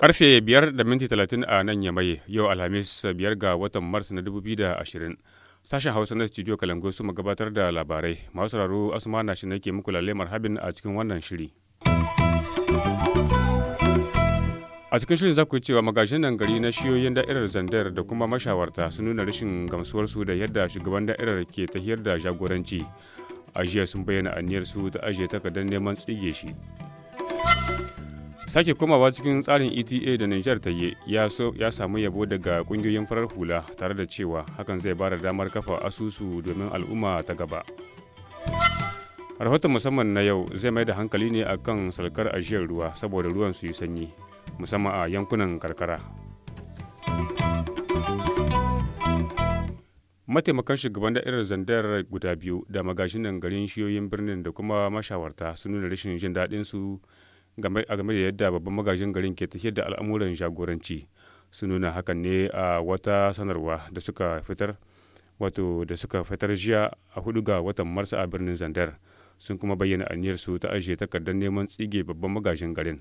Karfe biyar da minti talatin a nan Yamai, yau Alhamis biyar ga watan Mars na dubu biyu da ashirin. Sashen Hausa na Studio Kalangu su gabatar da labarai. Masu sauraro asuma na shi nake muku lalle marhabin a cikin wannan shiri. a cikin shirin za ku cewa magashin nan gari na shiyoyin da'irar zandar da kuma mashawarta sun nuna rashin gamsuwar su da yadda shugaban da'irar ke tahiyar da jagoranci a jiya sun bayyana aniyarsu ta ajiye takardar neman tsige shi sake komawa cikin tsarin eta da niger ta yi ya samu yabo daga kungiyoyin farar hula tare da cewa hakan zai bada damar kafa asusu domin al'umma ta gaba rahoton musamman na yau zai mai da hankali ne akan salkar ajiyar ruwa saboda ruwan su yi sanyi musamman a yankunan karkara mataimakan shugaban da da'irar zandar guda biyu da magashin garin shiyoyin birnin da kuma mashawarta sun nuna rashin jin daɗin su game da yadda babban magajin garin ke tafiyar da al'amuran jagoranci sun nuna hakan ne a wata sanarwa da suka fitar wato da suka fitar jiya a hudu ga watan marsa a birnin zandar sun kuma bayyana su ta ajiye takardar neman tsige babban magajin garin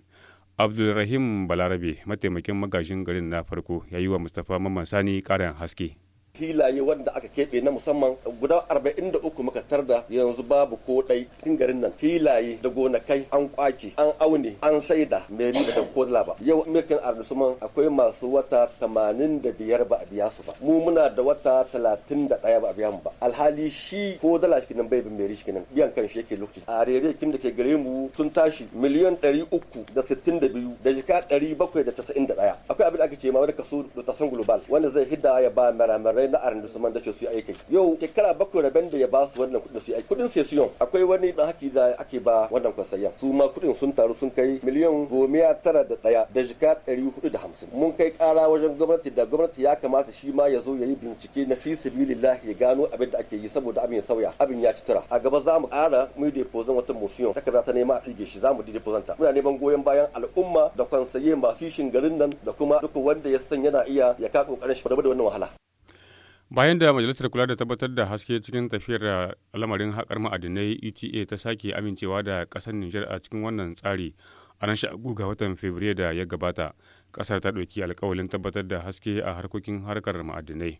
Abdulrahim Balarabe mataimakin magajin garin na farko ya yi wa Mustapha Mamman Sani ƙarin haske. filaye wanda aka keɓe na musamman guda 43 muka tarda yanzu babu ko ɗai cikin garin nan filaye da gonakai an kwace an aune an saida mai riba da ko laba. yau mekin ardusuman akwai masu wata 85 ba a biya su ba mu muna da wata 31 ba a biya mu ba alhali shi ko dala shi kinan bai bin mai shi kinan biyan kan shi yake lokaci a rere kin da ke gare mu sun tashi miliyan 362 da jika 791 akwai abin da ake ce ma wani kaso tasan global wanda zai hidda ya ba maramarai na arrondissement da su aikin yau shekara bakwai raben da ya ba su wannan kudin su aiki kudin sesiyon akwai wani dan haki da ake ba wannan kwasayen su ma kudin sun taru sun kai miliyan gomiya tara da daya da jika dari hudu da hamsin mun kai kara wajen gwamnati da gwamnati ya kamata shi ma ya zo ya yi bincike na fi sabilillahi ya gano abin da ake yi saboda abin ya sauya abin ya ci tura a gaba za mu kara mu yi depozan wata motion takarda ta nema a tsige shi za mu di ta muna neman goyon bayan al'umma da kwansaye masu kishin garin nan da kuma duk wanda ya san yana iya ya ka kokarin shi da wannan wahala bayan da majalisar kula da tabbatar da haske cikin tafiyar lamarin haƙar ma'adinai eta ta sake amincewa da ƙasar niger a cikin wannan tsari a ran shagu ga watan fabrairu da ya gabata ƙasar ta ɗauki alkawalin tabbatar da haske a harkokin harkar ma'adinai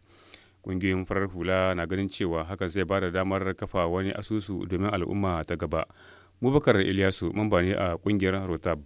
ƙungiyoyin farar hula na ganin cewa hakan zai ba da damar kafa wani asusu domin al'umma ta gaba mubakar iliyasu mamba ne a ƙungiyar rotab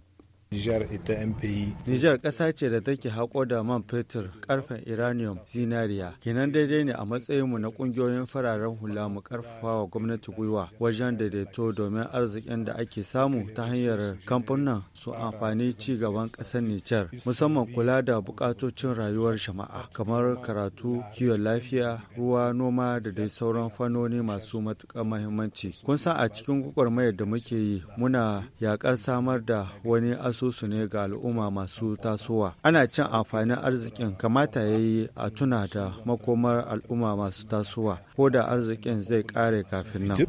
Nijar ita MPI. E. Nijar ƙasa ce da take haƙo da man fetur, ƙarfen iranium zinariya. Kenan daidai ne a matsayinmu na ƙungiyoyin fararen hula mu ƙarfafa wa gwamnati gwiwa wajen daidaito domin arzikin da ake samu ta hanyar kamfanin su amfani ci gaban ƙasar Nijar, musamman kula da buƙatocin rayuwar jama'a kamar karatu, kiwon lafiya, ruwa, noma da dai sauran fannoni masu matuƙar muhimmanci. Kun san a cikin gwagwarmayar da muke yi muna yaƙar samar da wani taso su ne ga al'umma masu tasowa ana cin amfanin arzikin kamata ya yi a tuna da makomar al'umma masu tasowa ko da arzikin zai kare kafin nan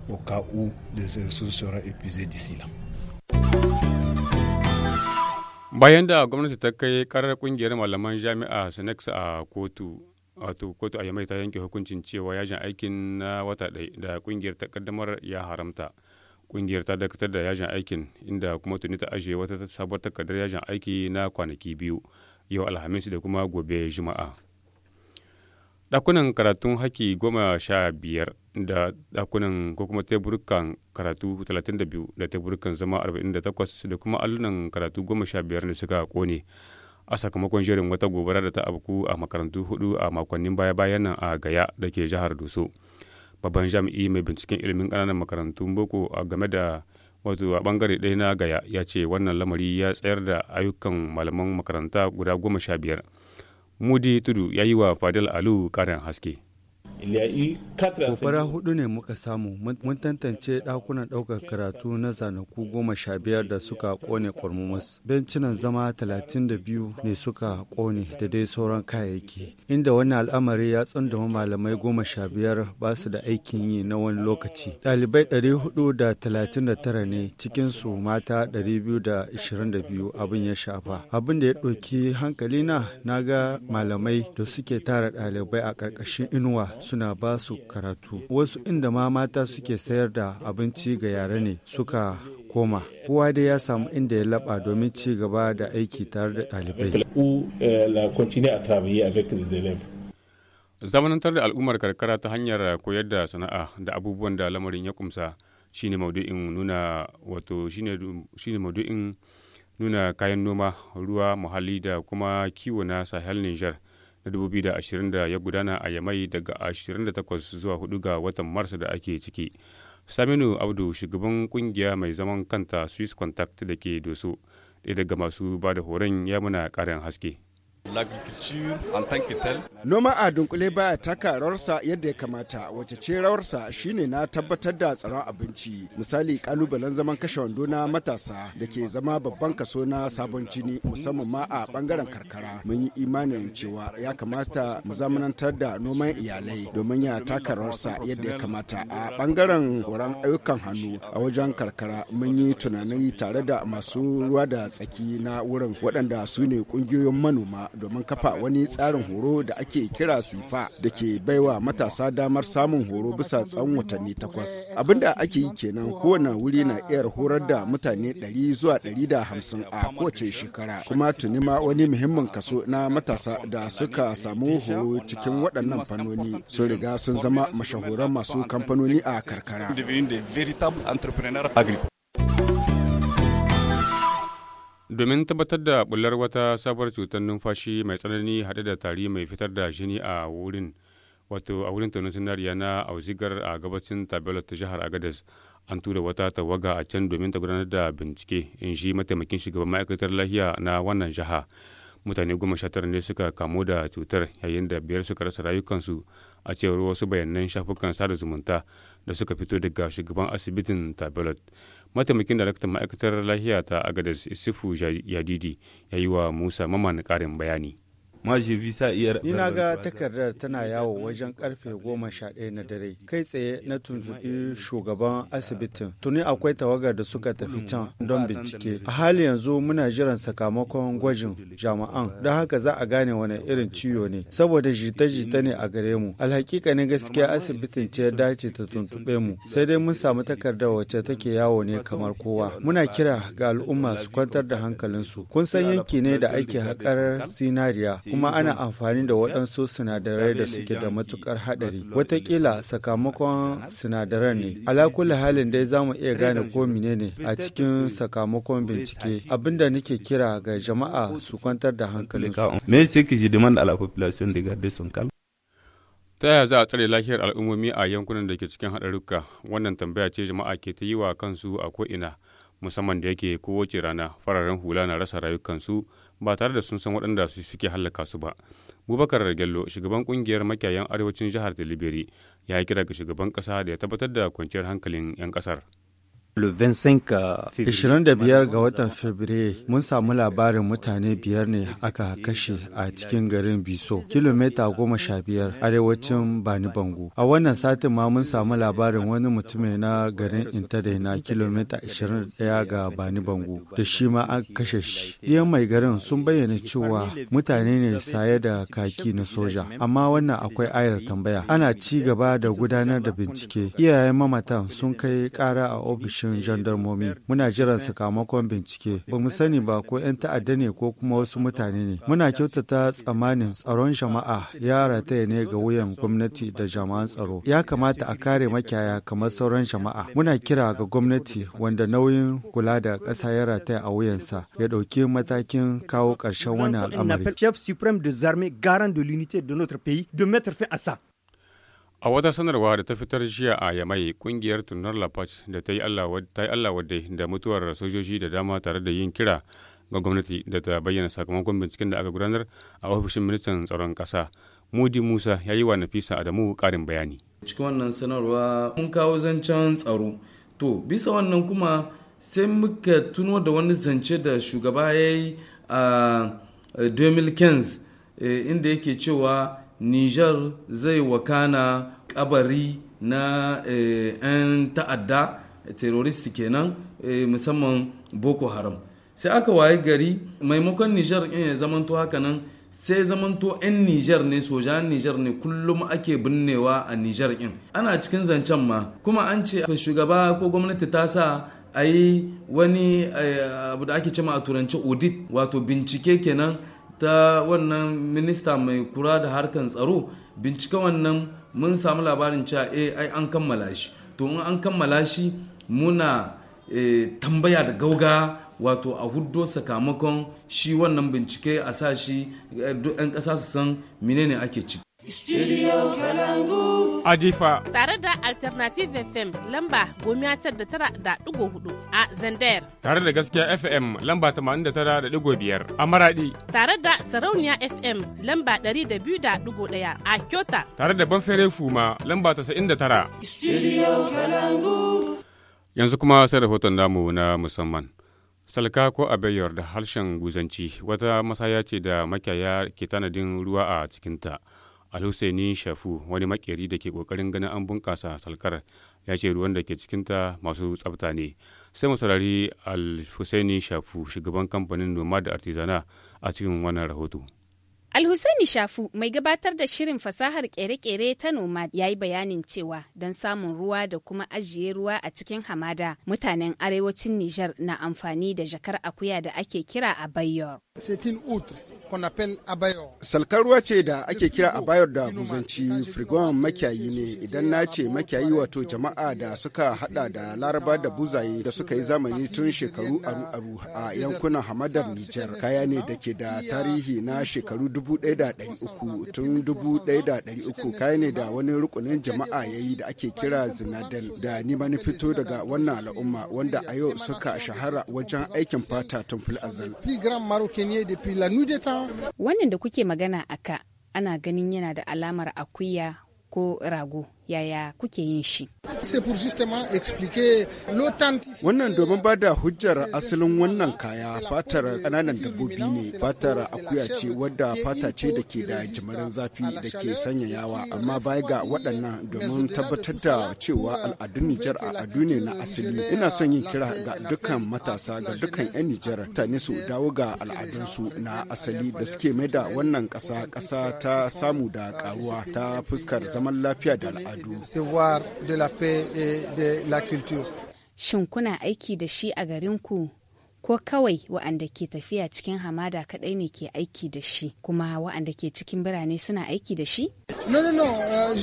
bayan da gwamnati ta kai karar kungiyar malaman jami'a sinex a kotu wato kotu a yamai ta yanke hukuncin cewa yajin aikin na wata ɗaya da kungiyar ta kaddamar ya haramta Ƙungiyar ta dakatar da yajin aikin inda kuma tuni ta ajiye wata sabuwar takardar yajin aiki na kwanaki biyu yau Alhamis da kuma gobe Juma'a. dakunan karatun haki goma sha biyar da dakunan ko kuma teburukan karatu talatin da biyu da teburukan zama arba'in da takwas da kuma allunan karatu goma sha biyar ne suka kone a sakamakon jerin wata gobara da ta abku a makarantu hudu a makonnin baya-bayan nan a gaya da ke jihar doso babban jami'i mai binciken ilimin ƙananan makarantun boko a game da wato a bangare ɗaya na gaya ya ce wannan lamari ya tsayar da ayyukan malaman makaranta guda goma sha biyar mudi tudu ya yi wa fadil alu ƙarin haske kwakwara hudu ne muka samu mun tantance dakunan daukar karatu na zanaku goma sha biyar da suka kone kwarmumus. Bencinan zama talatin da biyu ne suka kone da dai sauran kayayyaki. Inda wani al'amari ya tsundama malamai goma sha biyar ba su da aikin yi na wani lokaci. dalibai ɗari hudu da talatin da tara ne cikinsu mata ɗari biyu da ishirin da biyu abin ya shafa. Abin da ya ɗauki hankalina na ga malamai da suke tara ɗalibai a ƙarƙashin inuwa suna ba su karatu wasu inda ma mata suke sayar da abinci ga yare ne suka koma kowa dai ya samu inda ya laba domin ci gaba da aiki tare da ɗalibai euh, zamanantar da al'ummar karkara ta hanyar koyar da sana'a da abubuwan da lamarin ya kumsa shine maudu'in nuna wato shine maudu'in nuna kayan noma ruwa muhalli da kuma kiwo na sahel niger na 2020 da ya gudana a Yamai daga 28 zuwa 4 ga watan Mars da ake ciki. Saminu Abdu shugaban kungiya mai zaman kanta Swiss Contact da ke doso ɗaya daga masu ba da horon ya muna ƙarin haske. Noma a dunkule baya taka rawarsa yadda ya kamata wace ce rawarsa shine na tabbatar da tsaron abinci misali kalubalen zaman kashe wando na matasa da ke zama babban kaso na sabon jini musamman ma a bangaren karkara mun yi imanin cewa ya kamata mu zamanantar da noman iyalai domin ya taka rawarsa yadda ya kamata a bangaren wuran ayyukan hannu a wajen karkara mun yi tunanin tare da masu ruwa da tsaki na wurin waɗanda su ne ƙungiyoyin manoma domin kafa wani tsarin horo da ake kira sifa da ke baiwa matasa damar samun horo bisa tsawon watanni takwas. Abinda ake yi kenan kowane wuri na iya horar da mutane ɗari zuwa ɗari da hamsin a kowace shekara. Kuma tuni ma wani muhimmin kaso na matasa da suka samu horo cikin waɗannan fannoni sun riga sun zama mashahuran masu kamfanoni a karkara. domin tabbatar da bular wata sabuwar cutar numfashi mai tsanani haɗe da tari mai fitar da jini a wurin wato a wurin tonin sinariya na auzigar a gabacin ta jihar agadez an tura wata tawaga a can domin ta gudanar da bincike in shi mataimakin shugaban ma'aikatar lahiya na wannan jiha mutane goma sha tara ne suka kamu da cutar yayin da biyar suka rasa rayukansu a cewar wasu bayanan shafukan sada zumunta da suka fito daga shugaban asibitin tabelot mataimakin daraktan ma'aikatar lafiya ta isifu isufu yadidi ya yi wa musa maman ƙarin bayani Ni na ga takardar tana yawo wajen karfe goma sha ɗaya na dare. Kai tsaye na tuntuɓi shugaban asibitin. Tuni akwai tawagar da suka tafi can don bincike. A hali yanzu muna jiran sakamakon gwajin jama'an. Don haka za a gane wani irin ciwo ne. Saboda jita-jita ne a gare mu. Alhakika ne gaskiya asibitin ce dace ta tuntube mu. Sai dai mun samu takardar wacce take yawo ne kamar kowa. Muna kira ga al'umma su kwantar da hankalinsu. Kun san yanki ne da ake haƙar sinariya. kuma ana amfani da waɗansu sinadarai da suke da matukar haɗari watakila sakamakon sinadaran ne alakula halin dai za mu iya gane ko menene a cikin sakamakon bincike abinda nake kira ga jama'a su kwantar da hankalinsu ta yaya za a tsare lafiyar al'ummomi a yankunan da ke cikin haɗarurruka wannan tambaya ce jama'a ke ta yi wa kansu a ko'ina musamman da yake kowace rana fararen hula na rasa rayukansu ba tare da sun san waɗanda su suke hallaka su ba bubakar ragello shugaban kungiyar makiyayan arewacin jihar Liberi, ya kira ga shugaban ƙasa da ya tabbatar da kwanciyar hankalin 'yan ƙasar 25 euh, ga watan Fabrairu mun samu labarin mutane biyar ne aka kashe a cikin garin Biso, kilomita goma sha biyar arewacin Bani Bango. A wannan satin ma mun samu labarin wani mutum na garin Intade na kilomita 21 ga Bani Bango, da shi ma an kashe shi. Ɗiyan mai garin sun bayyana cewa mutane ne saye da kaki na soja, amma wannan akwai ayar tambaya. Ana ci gaba da gudanar da bincike. Iyayen mamatan sun kai ƙara a ofishin ofishin jandarmomi. Muna jiran sakamakon bincike. Ba mu sani ba ko 'yan ta'adda ne ko kuma wasu mutane ne. Muna kyautata tsamanin tsaron jama'a ya rataya ne ga wuyan gwamnati da jama'an tsaro. Ya kamata a kare makiyaya kamar sauran jama'a. Muna kira ga gwamnati wanda nauyin kula da ƙasa ya rataya a wuyansa ya ɗauki matakin kawo ƙarshen wani al'amari. A wata sanarwa da ta fitar jiya a Yamai, kungiyar Tunar Lafat da ta yi Allah wadai da mutuwar sojoji da dama tare da yin kira ga gwamnati da ta bayyana sakamakon binciken da aka gudanar a ofishin ministan tsaron ƙasa. Mudi Musa ya yi wa Nafisa Adamu ƙarin bayani. Cikin wannan sanarwa mun kawo zancen tsaro. To, bisa wannan kuma sai muka tuno da wani zance da shugaba ya yi a eh, 2015 eh, inda yake cewa nijar zai wakana kabari na eh, 'yan ta'adda terrorist kenan eh, musamman boko haram sai aka waye gari maimakon niger ya zamanto hakanan sai zamanto 'yan nijar ne soja nijar ne kullum ake binnewa a nijar in ana cikin zancen ma kuma an ce shugaba ko gwamnati ta sa a wani eh, abu da ake cema a turanci audit wato bincike kenan ta wannan minista mai kura da harkan tsaro bincika wannan mun samu labarin cewa e ai an kammala shi to in an kammala shi muna e, tambaya da gauga wato a huddo sakamakon shi wannan bincike a sa shi 'yan eh, ƙasa su san menene ake ciki. Studio Kalangu. a tare da alternative fm lamba gomiya tar da tara da digo hudu a zander. tare da gaskiya fm lamba tamanin da tara da digo biyar a maradi tare da sarauniya fm lamba dari da biyu da digo daya a kyota tare da banfere fuma lamba tasa'in da tara studio kalangu yanzu kuma sai rahoton namu na musamman salka ko abayar da harshen guzanci wata masaya ce da makiyaya ke tanadin ruwa a cikinta. ta alhussaini shafu wani makeri da ke kokarin ganin an bunkasa salkar ya ce ruwan da ke cikinta masu tsafta ne sai mu saurari alhussaini shafu shugaban kamfanin noma da artizana a cikin wannan rahoto Alhussaini Shafu mai gabatar da shirin fasahar kere-kere ta noma ya yi bayanin cewa don samun ruwa da kuma ajiye ruwa a cikin hamada mutanen arewacin Nijar na amfani da jakar akuya da ake kira a Bayor. abayor. Salkar ruwa ce da ake kira abayor da buzanci frigon makiyayi ne idan na ce makiyayi wato jama'a da suka hada da laraba da buzaye da suka yi zamani tun shekaru aru-aru a yankunan hamadar Nijar kaya ne da ke da tarihi na shekaru 1,300 tun 1,300 kaya ne da wani rukunin jama'a ya yi da ake kira zinadal da nima fito daga wannan al'umma wanda a yau suka shahara wajen aikin fata tun fil azal. Wannan da kuke magana aka ana ganin yana da alamar akuya ko rago. yaya kuke yin shi. Wannan domin ba da hujjar asalin wannan kaya fatar ƙananan dabbobi ne fatar akuya ce wadda fata ce da ke da jimarin zafi da ke sanyayawa amma baya ga waɗannan domin tabbatar da cewa al'adun Nijar a ne na asali ina son yin kira ga dukkan matasa ga dukkan 'yan Nijar tane su dawo ga al'adunsu na asali da suke mai da wannan ƙasa ƙasa ta samu da ƙaruwa ta fuskar zaman lafiya da al'adu. al'adu de la paix et de la culture shin kuna aiki da shi a garinku ko kawai waɗanda ke tafiya cikin hamada kaɗai ne ke aiki da shi kuma waɗanda ke cikin birane suna aiki da shi? Uh,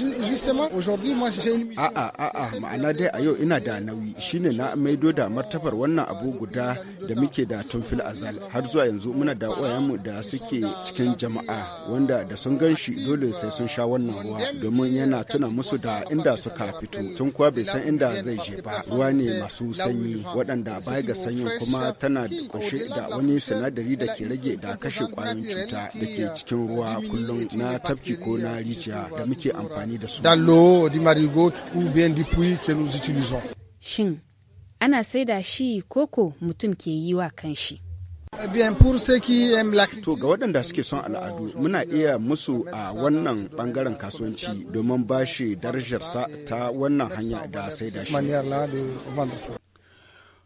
a'a, a'a, ma'ana dai a yau ina da nauyi shine na maido da martabar wannan abu guda da muke da tun fil azal. Har zuwa yanzu muna da mu da suke cikin jama'a wanda da sun gan shi dole sai sun sha wannan ruwa domin yana tuna musu da inda suka fito tun kuwa bai san inda zai je ba ruwa ne masu sanyi waɗanda baya ga sanyi kuma tana tana kunshe da wani sinadari da ke rage da kashe kwayoyin cuta da ke cikin ruwa kullum na tafki ko na rijiya da muke amfani da su. Dallo di marigo ou bien di puyi ke nous utilisons. Shin ana saida shi koko mutum ke yi wa kanshi. Eh to ga waɗanda suke son al'adu muna iya musu a wannan ɓangaren kasuwanci domin bashi darajarsa ta wannan hanya da sai da shi.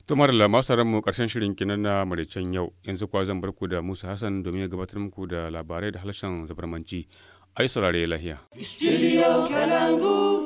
Tumar da mu karshen shirin kinan na maraicen yau yanzu kwa zan barku da Musa Hassan domin ya gabatar muku da labarai da harshen zabarmanci. Ai saurare lahiya. Studio Kalangu.